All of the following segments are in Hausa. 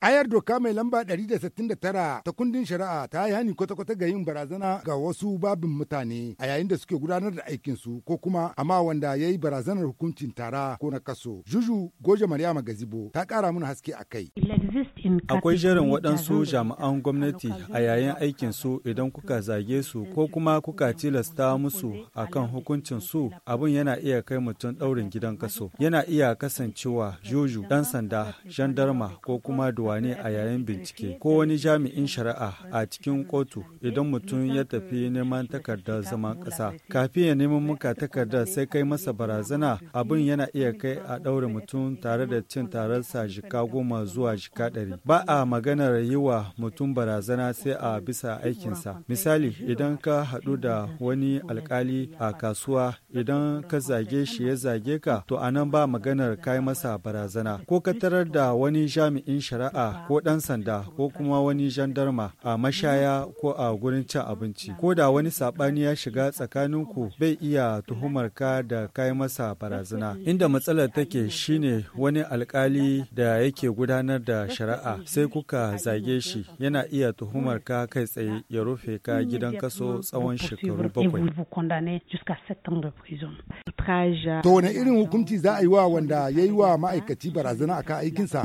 Ayar doka mai lamba 169 ta kundin shari'a ta yi hani kwata-kwata ga yin barazana ga wasu babin mutane a yayin da suke gudanar da aikinsu ko kuma amma wanda ya yi barazanar hukuncin tara ko na kaso. Juju Goje Maryama Gazibo ta kara mun haske a kai. Akwai jerin waɗansu jami'an gwamnati a yayin aikinsu idan kuka zage su ko kuma kuka tilasta musu akan hukuncin su abin yana iya kai mutum ɗaurin gidan kaso. Yana iya kasancewa juju, ɗan sanda, gendarma ko kuma cewa ne a yayin bincike ko wani jami'in shari'a a cikin kotu idan mutum ya tafi neman takardar zaman ƙasa. Kafin ya neman muka takardar sai kai masa barazana abin yana iya kai a ɗaure mutum tare da cin tararsa jika goma zuwa jika ɗari. Ba a maganar yi wa mutum barazana sai a bisa aikinsa. Misali idan ka haɗu da wani alkali a kasuwa idan ka zage shi ya zage ka to anan ba maganar kai masa barazana ko ka tarar da wani jami'in shari'a jama'a ko ɗan sanda ko kuma wani jandarma a mashaya ko a gurin cin abinci ko da wani saɓani ya shiga tsakaninku bai iya tuhumar ka da kai masa barazana inda matsalar take shine wani alkali da yake gudanar da shari'a sai kuka zage shi yana iya tuhumar ka kai tsaye ya rufe ka gidan kaso tsawon shekaru bakwai kaja. To wani irin hukunci za a yi wa wanda ya yi wa ma'aikaci barazana a kan aikinsa?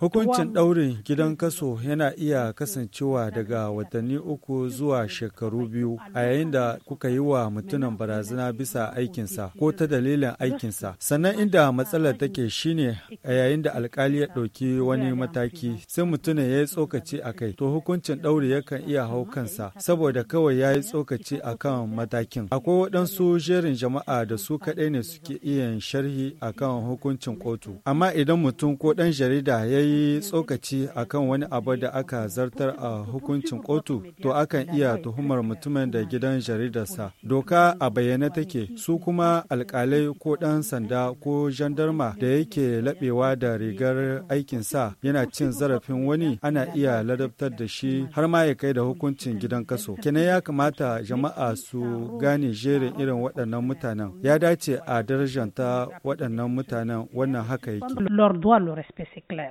Hukuncin ɗaurin gidan kaso yana iya kasancewa daga watanni uku zuwa shekaru biyu a yayin da kuka yi wa mutumin barazana bisa aikinsa ko ta dalilin aikinsa. Sannan inda matsalar take shine a yayin da alkali ya ɗauki wani mataki sai mutumin ya yi tsokaci a kai to hukuncin ɗauri yakan iya hau kansa saboda kawai ya yi tsokaci a kan matakin. Akwai waɗansu jerin jama'a da su kaɗai ne suke iya sharhi a kan hukuncin kotu. Amma idan mutum ko ɗan jarida ya yi tsokaci a kan wani abu da aka zartar a hukuncin kotu, to akan iya tuhumar mutumin da gidan jaridarsa. Doka a bayyane take, su kuma alkalai ko ɗan sanda ko jandarma da yake laɓewa da rigar aikinsa yana cin zarafin wani ana iya ladabtar da shi har ma ya kai da hukuncin gidan kaso. Kenan ya kamata jama'a su gane je jerin irin waɗannan mutanen ya dace a darajanta waɗannan mutanen wannan haka yake